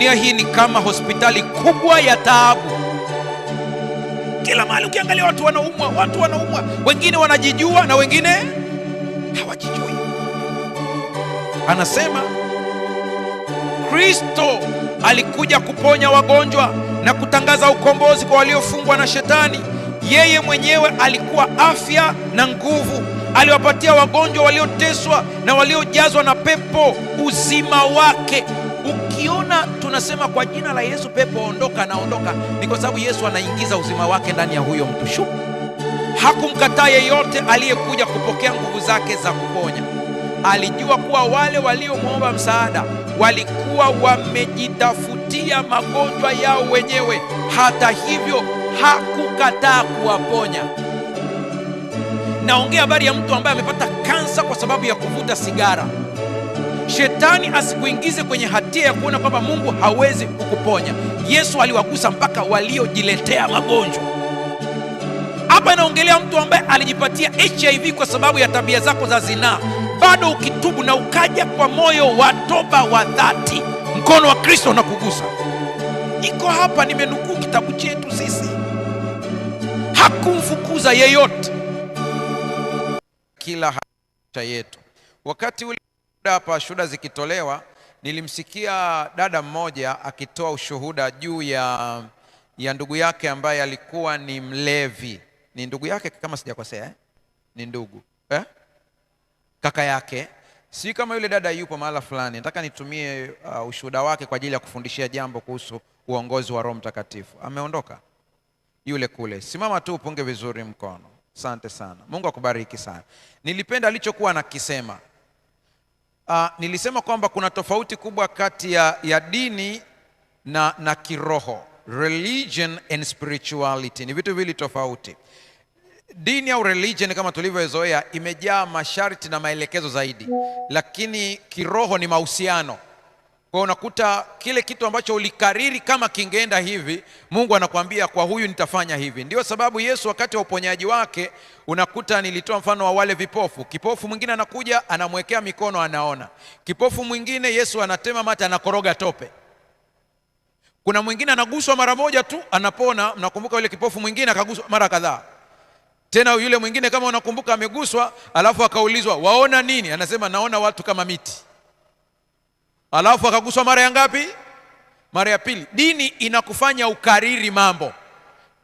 dunia hii ni kama hospitali kubwa ya taabu. Kila mahali ukiangalia, watu wanaumwa, watu wanaumwa, wengine wanajijua na wengine hawajijui. Anasema Kristo alikuja kuponya wagonjwa na kutangaza ukombozi kwa waliofungwa na Shetani. Yeye mwenyewe alikuwa afya na nguvu, aliwapatia wagonjwa walioteswa na waliojazwa na pepo uzima wake. Ukiona tunasema kwa jina la Yesu pepo ondoka, naondoka, ni kwa sababu Yesu anaingiza uzima wake ndani ya huyo mtu. Shu hakumkataa yeyote aliyekuja kupokea nguvu zake za kuponya. Alijua kuwa wale waliomwomba msaada walikuwa wamejitafutia magonjwa yao wenyewe. Hata hivyo, hakukataa kuwaponya. Naongea habari ya mtu ambaye amepata kansa kwa sababu ya kuvuta sigara. Shetani asikuingize kwenye hatia ya kuona kwamba Mungu hawezi kukuponya. Yesu aliwagusa mpaka waliojiletea magonjwa. Hapa inaongelea mtu ambaye alijipatia HIV kwa sababu ya tabia zako za zinaa. Bado ukitubu na ukaja kwa moyo wa toba wa dhati, mkono wa Kristo unakugusa. Iko hapa, nimenukuu kitabu chetu sisi. Hakumfukuza yeyote, kila yetu wakati ule hapa shuhuda zikitolewa, nilimsikia dada mmoja akitoa ushuhuda juu ya, ya ndugu yake ambaye alikuwa ni mlevi. Ni ndugu yake kama sijakosea eh? Ni ndugu eh? kaka yake si kama yule dada yupo mahala fulani, nataka nitumie uh, ushuhuda wake kwa ajili ya kufundishia jambo kuhusu uongozi wa Roho Mtakatifu. Ameondoka yule kule, simama tu upunge vizuri mkono. Asante sana, Mungu akubariki sana. Nilipenda alichokuwa anakisema Uh, nilisema kwamba kuna tofauti kubwa kati ya, ya dini na, na kiroho. Religion and spirituality ni vitu viwili tofauti. Dini au religion kama tulivyozoea imejaa masharti na maelekezo zaidi, lakini kiroho ni mahusiano kwa unakuta kile kitu ambacho ulikariri kama kingeenda hivi, Mungu anakuambia kwa huyu nitafanya hivi. Ndio sababu Yesu wakati wa uponyaji wake, unakuta nilitoa mfano wa wale vipofu. Kipofu mwingine anakuja anamwekea mikono, anaona. Kipofu mwingine Yesu anatema mate, anakoroga tope. Kuna mwingine anaguswa mara moja tu anapona. Mnakumbuka yule kipofu mwingine akaguswa mara kadhaa tena yule mwingine kama unakumbuka, ameguswa alafu akaulizwa waona nini? Anasema naona watu kama miti alafu akaguswa mara ya ngapi? Mara ya pili. Dini inakufanya ukariri mambo,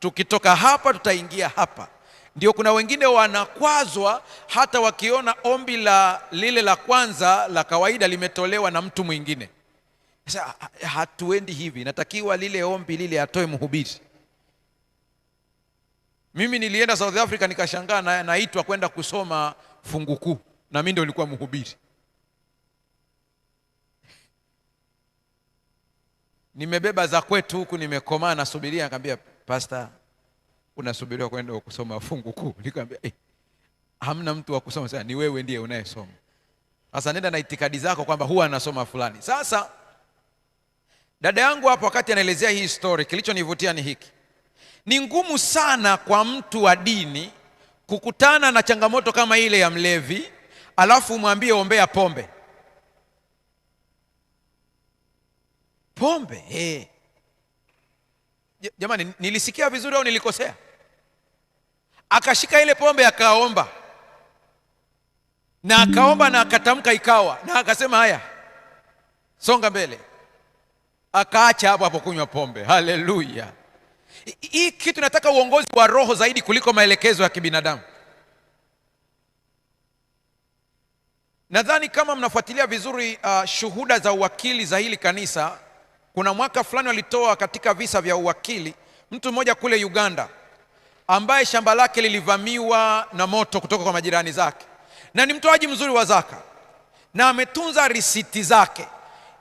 tukitoka hapa tutaingia hapa. Ndio kuna wengine wanakwazwa hata wakiona ombi la lile la kwanza la kawaida limetolewa na mtu mwingine. Sasa hatuendi hivi, natakiwa lile ombi lile atoe mhubiri. Mimi nilienda South Africa nikashangaa, naitwa kwenda kusoma fungu kuu, na mimi ndio nilikuwa mhubiri. nimebeba za kwetu huku, nimekomaa nasubiria. akaambia pasta, unasubiriwa kwenda kusoma fungu kuu. Nikamwambia eh, hamna mtu wa kusoma sasa, ni wewe ndiye unayesoma sasa. Nenda na itikadi zako kwamba huwa anasoma fulani. Sasa dada yangu hapo, wakati anaelezea hii story, kilichonivutia ni hiki: ni ngumu sana kwa mtu wa dini kukutana na changamoto kama ile ya mlevi, alafu umwambie ombea pombe pombe eh. Jamani, nilisikia vizuri au nilikosea? Akashika ile pombe akaomba na akaomba na akatamka, ikawa na akasema, haya, songa mbele. Akaacha hapo hapo kunywa pombe. Haleluya! Hii kitu nataka uongozi wa roho zaidi kuliko maelekezo ya kibinadamu. Nadhani kama mnafuatilia vizuri uh, shuhuda za uwakili za hili kanisa kuna mwaka fulani walitoa katika visa vya uwakili mtu mmoja kule Uganda ambaye shamba lake lilivamiwa na moto kutoka kwa majirani zake, na ni mtoaji mzuri wa zaka na ametunza risiti zake.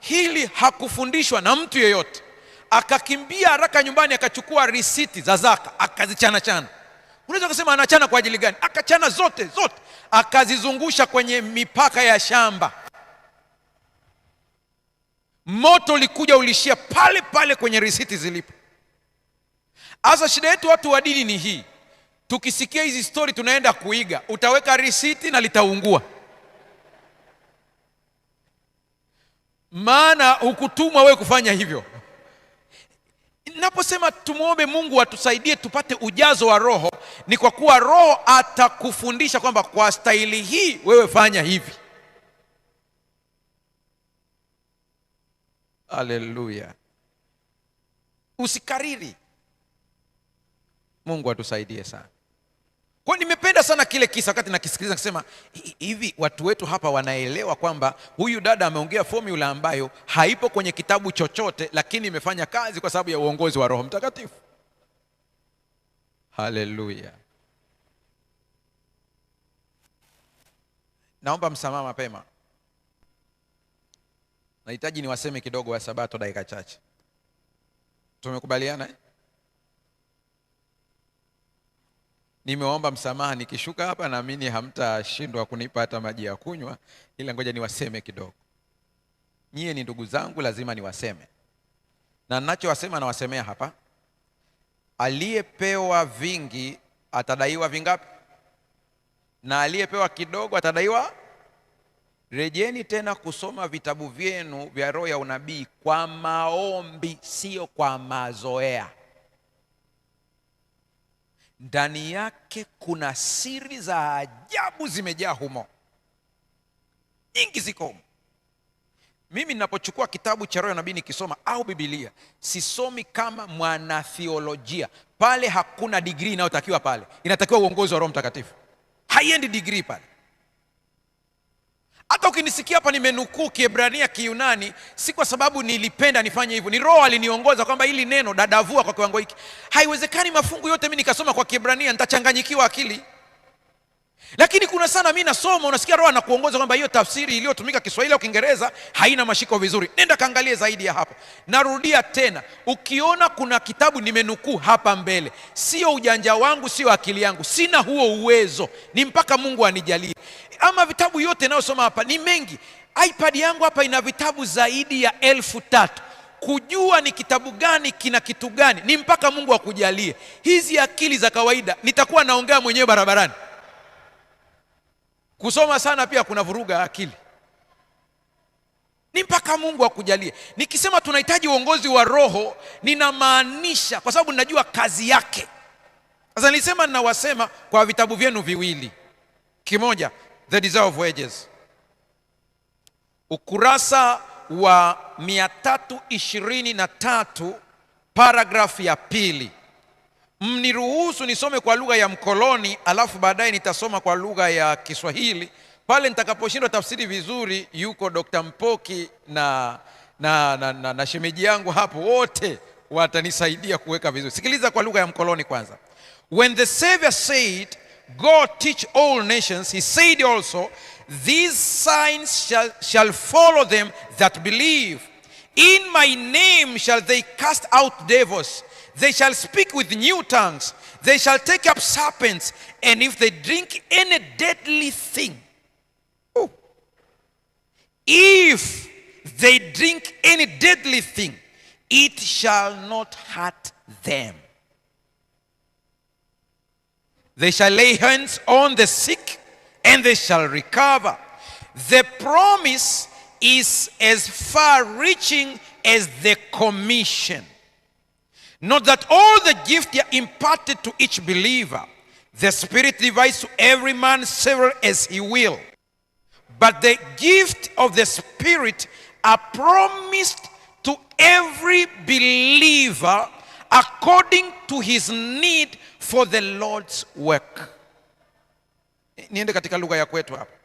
Hili hakufundishwa na mtu yeyote, akakimbia haraka nyumbani akachukua risiti za zaka akazichana chana. Unaweza kusema anachana kwa ajili gani? Akachana zote zote, akazizungusha kwenye mipaka ya shamba moto ulikuja ulishia pale pale kwenye risiti zilipo. Hasa shida yetu watu wa dini ni hii, tukisikia hizi stori tunaenda kuiga, utaweka risiti na litaungua, maana hukutumwa wewe kufanya hivyo. Naposema tumwombe Mungu atusaidie tupate ujazo wa Roho, ni kwa kuwa Roho atakufundisha kwamba kwa stahili hii wewe fanya hivi. Haleluya, usikariri. Mungu atusaidie sana. Kwa nimependa sana kile kisa, wakati nakisikiliza nikisema hivi watu wetu hapa wanaelewa kwamba huyu dada ameongea formula ambayo haipo kwenye kitabu chochote, lakini imefanya kazi kwa sababu ya uongozi wa Roho Mtakatifu. Haleluya, naomba msamaha mapema nahitaji niwaseme kidogo wa sabato dakika chache. Tumekubaliana eh? nimeomba msamaha, nikishuka hapa naamini hamtashindwa kunipa hata maji ya kunywa, ila ngoja niwaseme kidogo. Nyie ni ndugu zangu, lazima niwaseme, na ninachowasema nawasemea hapa. Aliyepewa vingi atadaiwa vingapi? Na aliyepewa kidogo atadaiwa Rejeni tena kusoma vitabu vyenu vya roho ya unabii kwa maombi, sio kwa mazoea. Ndani yake kuna siri za ajabu zimejaa humo, nyingi ziko humo. Mimi ninapochukua kitabu cha roho ya unabii nikisoma au Biblia, sisomi kama mwanathiolojia. Pale hakuna digrii inayotakiwa pale, inatakiwa uongozi wa Roho Mtakatifu, haiendi digrii pale hata ukinisikia hapa nimenukuu Kiebrania, kiunani si kwa sababu nilipenda nifanye hivyo, ni Roho aliniongoza kwamba hili neno dadavua kwa kiwango hiki. Haiwezekani mafungu yote mi nikasoma kwa Kiebrania, nitachanganyikiwa akili lakini kuna sana mi nasoma unasikia roho anakuongoza kwamba hiyo tafsiri iliyotumika kiswahili au kiingereza haina mashiko vizuri nenda kaangalie zaidi ya hapo narudia tena ukiona kuna kitabu nimenukuu hapa mbele sio ujanja wangu sio akili yangu sina huo uwezo ni mpaka mungu anijalie ama vitabu yote nayosoma hapa ni mengi ipad yangu hapa ina vitabu zaidi ya elfu tatu kujua ni kitabu gani kina kitu gani ni mpaka mungu akujalie hizi akili za kawaida nitakuwa naongea mwenyewe barabarani Kusoma sana pia kuna vuruga akili, ni mpaka Mungu akujalie. Nikisema tunahitaji uongozi wa roho, ninamaanisha kwa sababu ninajua kazi yake. Sasa nilisema ninawasema kwa vitabu vyenu viwili, kimoja The Desire of Ages ukurasa wa 323 paragrafu ya pili mniruhusu nisome kwa lugha ya mkoloni alafu baadaye nitasoma kwa lugha ya kiswahili pale nitakaposhindwa tafsiri vizuri yuko dr mpoki na, na, na, na, na shemeji yangu hapo wote watanisaidia kuweka vizuri sikiliza kwa lugha ya mkoloni kwanza when the savior said go teach all nations he said also these signs shall, shall follow them that believe in my name shall they cast out devils They shall speak with new tongues. They shall take up serpents. And if they drink any deadly thing, oh, if they drink any deadly thing, it shall not hurt them. They shall lay hands on the sick and they shall recover. The promise is as far reaching as the commission. Note that all the gifts are imparted to each believer. The Spirit divides to every man several as he will. But the gift of the Spirit are promised to every believer according to his need for the Lord's work. Niende katika lugha ya kwetu hapa.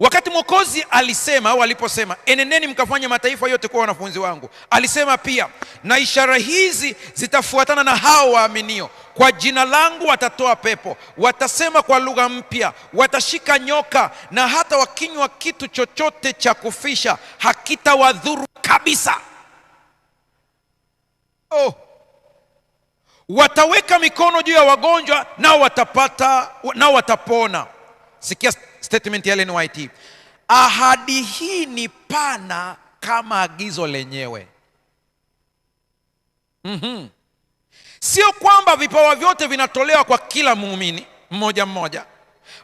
Wakati Mwokozi alisema au aliposema, enendeni mkafanye mataifa yote kuwa wanafunzi wangu, alisema pia, na ishara hizi zitafuatana na hao waaminio, kwa jina langu watatoa pepo, watasema kwa lugha mpya, watashika nyoka, na hata wakinywa kitu chochote cha kufisha hakitawadhuru kabisa. Oh, wataweka mikono juu ya wagonjwa nao watapata, nao watapona. Sikia statement ya Ellen White. Ahadi hii ni pana kama agizo lenyewe. mm -hmm. Sio kwamba vipawa vyote vinatolewa kwa kila muumini mmoja mmoja,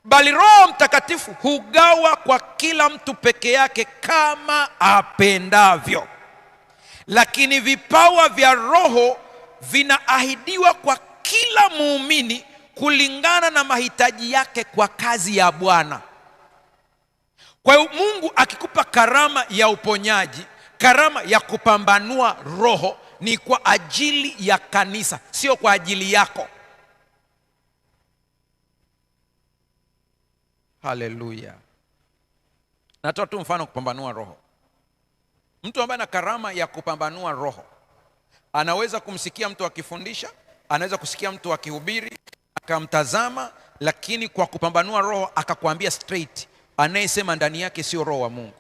bali Roho Mtakatifu hugawa kwa kila mtu peke yake kama apendavyo. Lakini vipawa vya Roho vinaahidiwa kwa kila muumini kulingana na mahitaji yake kwa kazi ya Bwana. Kwa hiyo Mungu akikupa karama ya uponyaji, karama ya kupambanua roho ni kwa ajili ya kanisa, sio kwa ajili yako. Haleluya! Natoa tu mfano kupambanua roho. Mtu ambaye ana karama ya kupambanua roho anaweza kumsikia mtu akifundisha, anaweza kusikia mtu akihubiri, akamtazama, lakini kwa kupambanua roho akakwambia straight anayesema ndani yake sio roho wa Mungu.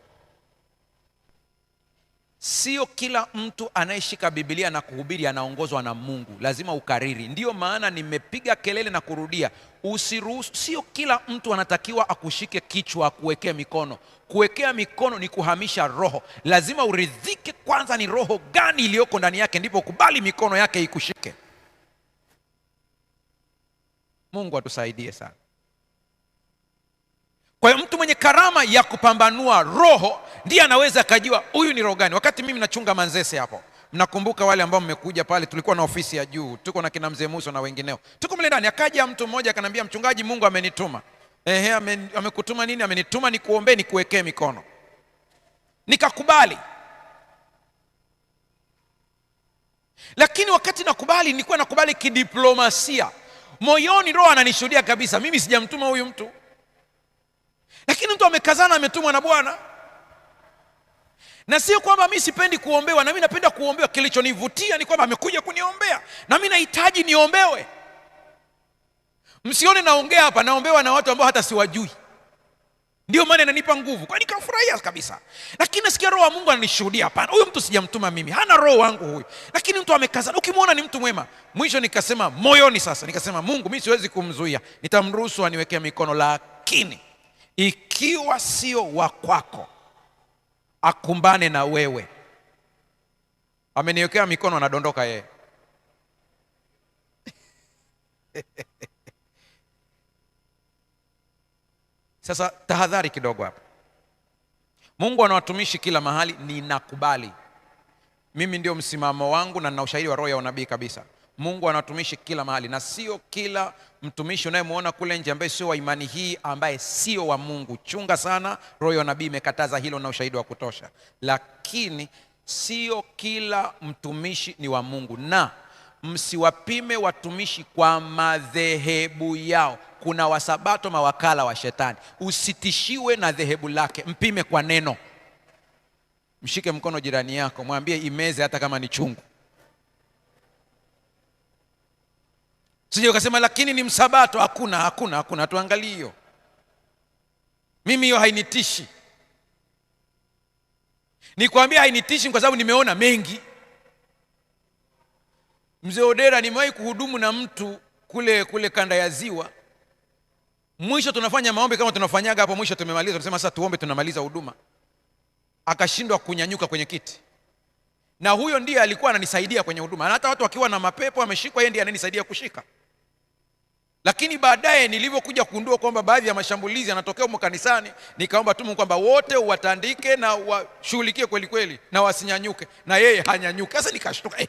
Sio kila mtu anayeshika Biblia na kuhubiri anaongozwa na Mungu, lazima ukariri. Ndiyo maana nimepiga kelele na kurudia, usiruhusu. Sio kila mtu anatakiwa akushike kichwa, akuwekee mikono. Kuwekea mikono ni kuhamisha roho. Lazima uridhike kwanza, ni roho gani iliyoko ndani yake, ndipo kubali mikono yake ikushike. Mungu atusaidie sana kwa hiyo mtu mwenye karama ya kupambanua roho ndiye anaweza akajua huyu ni roho gani wakati mimi nachunga manzese hapo mnakumbuka wale ambao mmekuja pale tulikuwa na ofisi ya juu tuko na kina mzee muso na wengineo tuko mle ndani akaja mtu mmoja akanambia mchungaji mungu amenituma ehe amekutuma ame nini amenituma nikuombee nikuwekee mikono nikakubali lakini wakati nakubali nilikuwa nakubali kidiplomasia moyoni roho ananishuhudia kabisa mimi sijamtuma huyu mtu lakini mtu amekazana, ametumwa na Bwana. Na sio kwamba mi sipendi kuombewa, na mi napenda kuombewa. Kilichonivutia ni kwamba amekuja kuniombea, na mi nahitaji niombewe. Msione naongea hapa, naombewa na watu ambao hata siwajui, ndio maana inanipa nguvu, kwani kafurahia kabisa. Lakini nasikia roho wa Mungu ananishuhudia, hapana, huyu mtu sijamtuma mimi, hana roho wangu huyu, lakini mtu amekazana. Ukimwona ni mtu mwema. Mwisho nikasema moyoni, sasa nikasema, Mungu, mi siwezi kumzuia, nitamruhusu aniwekea mikono, lakini ikiwa sio wa kwako, akumbane na wewe. Ameniwekea mikono, anadondoka yeye Sasa tahadhari kidogo hapa. Mungu ana watumishi kila mahali, ninakubali mimi, ndio msimamo wangu na nina ushahidi wa roho ya unabii kabisa mungu watumishi kila mahali na sio kila mtumishi unayemwona kule nje ambaye sio wa imani hii ambaye sio wa mungu chunga sana roho ya nabii imekataza hilo na ushahidi wa kutosha lakini sio kila mtumishi ni wa mungu na msiwapime watumishi kwa madhehebu yao kuna wasabato mawakala wa shetani usitishiwe na dhehebu lake mpime kwa neno mshike mkono jirani yako mwambie imeze hata kama ni chungu sije ukasema lakini ni msabato hakuna hakuna hakuna tuangalie hiyo mimi hiyo hainitishi nikwambia hainitishi kwa sababu nimeona mengi mzee odera nimewahi kuhudumu na mtu kule kule kanda ya ziwa mwisho tunafanya maombi kama tunafanyaga hapo mwisho tumemaliza tunasema sasa tuombe tunamaliza huduma akashindwa kunyanyuka kwenye kiti na huyo ndiye alikuwa ananisaidia kwenye huduma na hata watu wakiwa na mapepo ameshikwa yeye ndiye ananisaidia kushika lakini baadaye nilivyokuja kugundua kwamba baadhi ya mashambulizi yanatokea humo kanisani, nikaomba tu Mungu kwamba wote uwatandike na washughulikie kweli kweli, na wasinyanyuke, na yeye hanyanyuke. Sasa nikashtuka eh,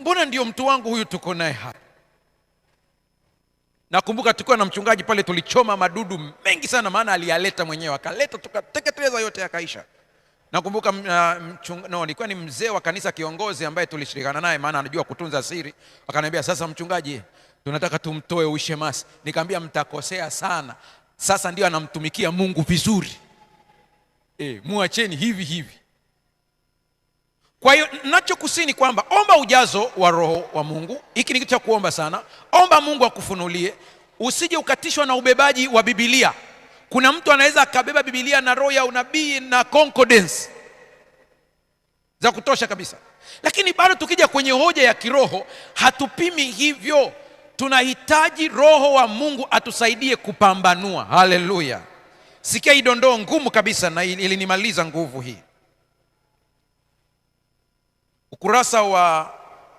mbona ndio mtu wangu huyu tuko naye hapa? Nakumbuka tulikuwa na mchungaji pale, tulichoma madudu mengi sana, maana aliyaleta mwenyewe, akaleta tukateketeza yote, yakaisha. Nakumbuka uh, no, nilikuwa ni mzee wa kanisa kiongozi ambaye tulishirikana naye, maana anajua kutunza siri, akaniambia sasa mchungaji tunataka tumtoe ushemasi. Nikamwambia mtakosea sana, sasa ndio anamtumikia Mungu vizuri e, muacheni hivi hivi. Kwa hiyo nachokusini kwamba omba ujazo wa Roho wa Mungu. Hiki ni kitu cha kuomba sana, omba Mungu akufunulie, usije ukatishwa na ubebaji wa Biblia. Kuna mtu anaweza akabeba Biblia na roho ya unabii na concordance za kutosha kabisa, lakini bado tukija kwenye hoja ya kiroho hatupimi hivyo tunahitaji roho wa Mungu atusaidie kupambanua. Haleluya! Sikia hii dondoo ngumu kabisa, na ilinimaliza nguvu hii. Ukurasa wa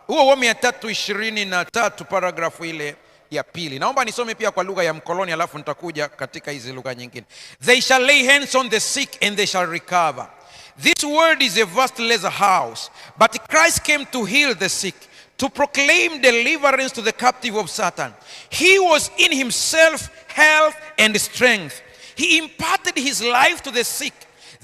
huo wa mia tatu ishirini na tatu paragrafu ile ya pili. Naomba nisome pia kwa lugha ya mkoloni, alafu nitakuja katika hizi lugha nyingine. They shall lay hands on the sick and they shall recover. This word is a vast house, but Christ came to heal the sick to proclaim deliverance to the captive of Satan. He was in himself health and strength. He imparted his life to the sick,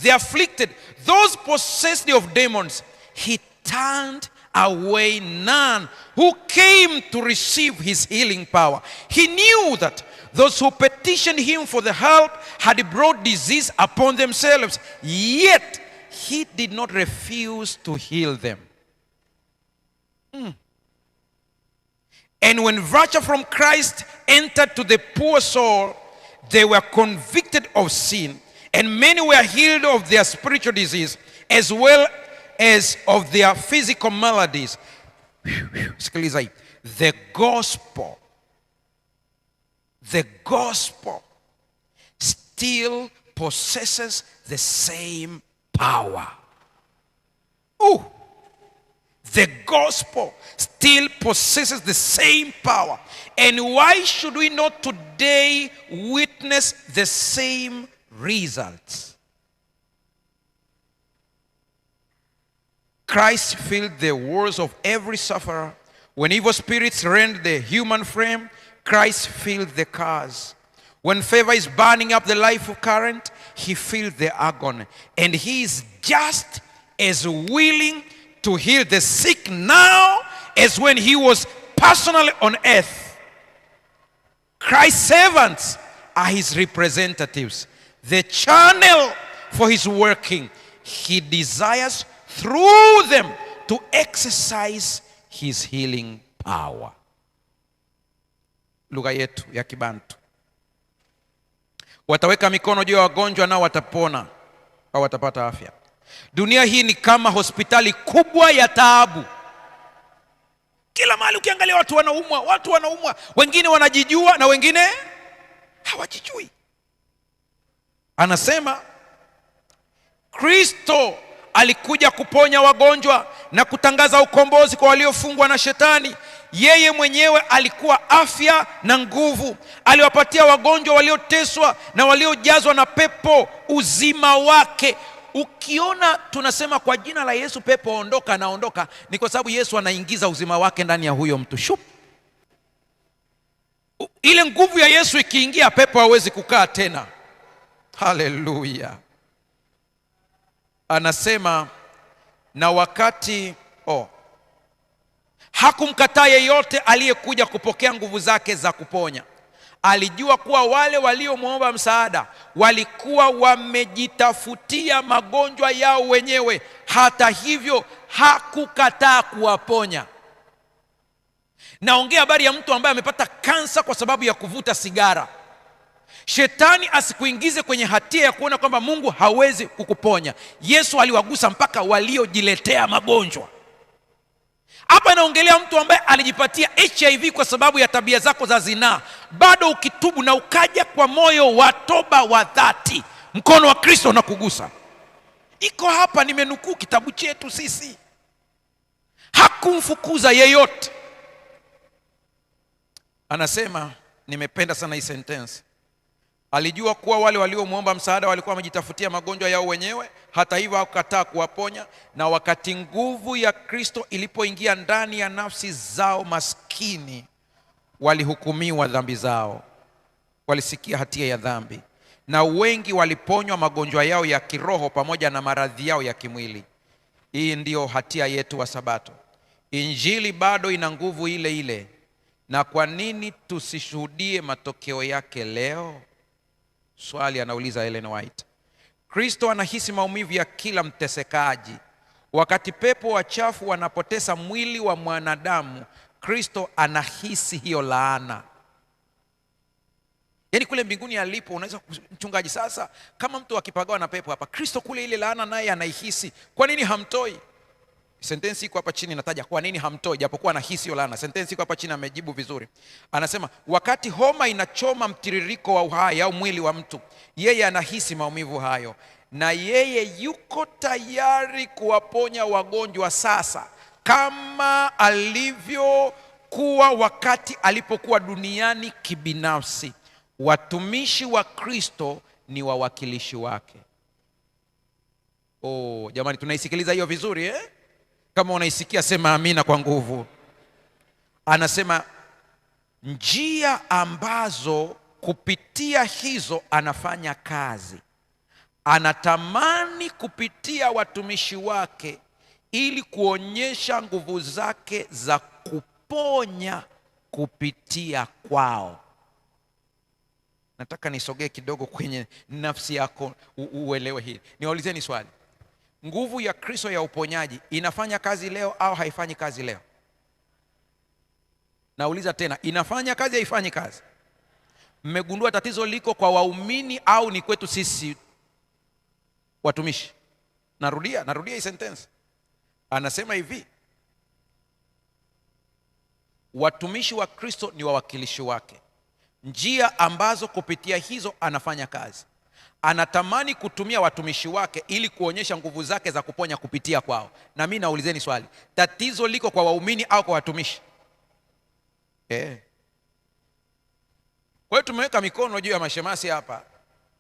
the afflicted, those possessed of demons. He turned away none who came to receive his healing power. He knew that those who petitioned him for the help had brought disease upon themselves, yet he did not refuse to heal them. Hmm. And when virtue from Christ entered to the poor soul, they were convicted of sin, and many were healed of their spiritual disease as well as of their physical maladies. The gospel, the gospel still possesses the same power. Ooh. The gospel still possesses the same power. And why should we not today witness the same results? Christ filled the walls of every sufferer. When evil spirits rend the human frame, Christ filled the cars. When fever is burning up the life current, he filled the agony. And he is just as willing to heal the sick now as when he was personally on earth. Christ's servants are his representatives, the channel for his working. He desires through them to exercise his healing power. Lugha yetu ya Kibantu, wataweka mikono juu ya wagonjwa nao watapona au watapata afya. Dunia hii ni kama hospitali kubwa ya taabu. Kila mahali ukiangalia, watu wanaumwa, watu wanaumwa, wengine wanajijua na wengine hawajijui. Anasema Kristo alikuja kuponya wagonjwa na kutangaza ukombozi kwa waliofungwa na Shetani. Yeye mwenyewe alikuwa afya na nguvu, aliwapatia wagonjwa walioteswa na waliojazwa na pepo uzima wake ukiona tunasema kwa jina la Yesu pepo ondoka, anaondoka, ni kwa sababu Yesu anaingiza uzima wake ndani ya huyo mtu shup. Ile nguvu ya Yesu ikiingia, pepo hawezi kukaa tena. Haleluya! Anasema na wakati oh, hakumkataa yeyote aliyekuja kupokea nguvu zake za kuponya. Alijua kuwa wale waliomwomba msaada walikuwa wamejitafutia magonjwa yao wenyewe. Hata hivyo, hakukataa kuwaponya. Naongea habari ya mtu ambaye amepata kansa kwa sababu ya kuvuta sigara. Shetani asikuingize kwenye hatia ya kuona kwamba Mungu hawezi kukuponya. Yesu aliwagusa mpaka waliojiletea magonjwa. Hapa inaongelea mtu ambaye alijipatia HIV kwa sababu ya tabia zako za zinaa. Bado ukitubu na ukaja kwa moyo wa toba wa dhati, mkono wa Kristo unakugusa. Iko hapa, nimenukuu kitabu chetu sisi. Hakumfukuza yeyote. Anasema, nimependa sana hii sentensi Alijua kuwa wale waliomwomba msaada walikuwa wamejitafutia magonjwa yao wenyewe. Hata hivyo, hakukataa kuwaponya, na wakati nguvu ya Kristo ilipoingia ndani ya nafsi zao maskini, walihukumiwa dhambi zao, walisikia hatia ya dhambi, na wengi waliponywa magonjwa yao ya kiroho pamoja na maradhi yao ya kimwili. Hii ndiyo hatia yetu wa Sabato. Injili bado ina nguvu ile ile, na kwa nini tusishuhudie matokeo yake leo? Swali anauliza Ellen White. Kristo anahisi maumivu ya kila mtesekaji. Wakati pepo wachafu wanapotesa mwili wa mwanadamu, Kristo anahisi hiyo laana. Yaani kule mbinguni alipo, unaweza mchungaji, sasa kama mtu akipagawa na pepo hapa, Kristo kule ile laana naye anaihisi. Kwa nini hamtoi? Sentensi iko hapa chini inataja kwa nini hamtoi japokuwa anahisi hiyo laana. Sentensi iko hapa chini amejibu vizuri, anasema wakati homa inachoma mtiririko wa uhai au mwili wa mtu, yeye anahisi maumivu hayo, na yeye yuko tayari kuwaponya wagonjwa sasa kama alivyokuwa wakati alipokuwa duniani kibinafsi. Watumishi wa Kristo ni wawakilishi wake. Oh, jamani tunaisikiliza hiyo vizuri eh? Kama unaisikia sema amina kwa nguvu. Anasema njia ambazo kupitia hizo anafanya kazi, anatamani kupitia watumishi wake ili kuonyesha nguvu zake za kuponya kupitia kwao. Nataka nisogee kidogo kwenye nafsi yako uelewe hili. Niwaulizeni swali nguvu ya Kristo ya uponyaji inafanya kazi leo au haifanyi kazi leo? Nauliza tena, inafanya kazi, haifanyi kazi? Mmegundua tatizo liko kwa waumini au ni kwetu sisi watumishi? Narudia, narudia hii sentensi. Anasema hivi, watumishi wa Kristo ni wawakilishi wake, njia ambazo kupitia hizo anafanya kazi anatamani kutumia watumishi wake ili kuonyesha nguvu zake za kuponya kupitia kwao. Na mimi naulizeni swali, tatizo liko kwa waumini au kwa watumishi eh? Kwa hiyo tumeweka mikono juu ya mashemasi hapa,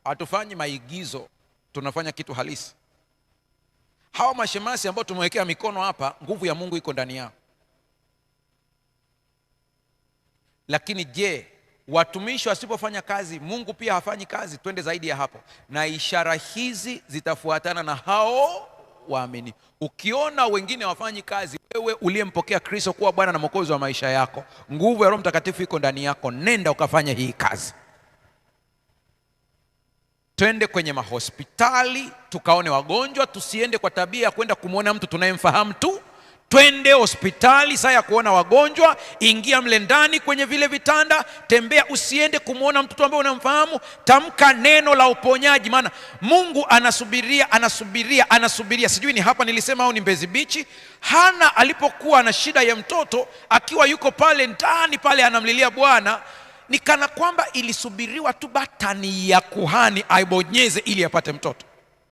hatufanyi maigizo, tunafanya kitu halisi. Hawa mashemasi ambao tumewekea mikono hapa, nguvu ya Mungu iko ndani yao. Lakini je, watumishi wasipofanya kazi, Mungu pia hafanyi kazi. Twende zaidi ya hapo, na ishara hizi zitafuatana na hao waamini. Ukiona wengine wafanyi kazi, wewe uliyempokea Kristo kuwa Bwana na Mwokozi wa maisha yako, nguvu ya Roho Mtakatifu iko ndani yako, nenda ukafanya hii kazi. Twende kwenye mahospitali tukaone wagonjwa, tusiende kwa tabia ya kwenda kumwona mtu tunayemfahamu tu twende hospitali saa ya kuona wagonjwa, ingia mle ndani kwenye vile vitanda, tembea. Usiende kumwona mtoto ambaye unamfahamu, tamka neno la uponyaji, maana Mungu anasubiria, anasubiria, anasubiria. Sijui ni hapa nilisema au ni Mbezi Bichi. Hana alipokuwa na shida ya mtoto, akiwa yuko pale ndani pale, anamlilia Bwana, ni kana kwamba ilisubiriwa tu batani ya kuhani aibonyeze ili apate mtoto.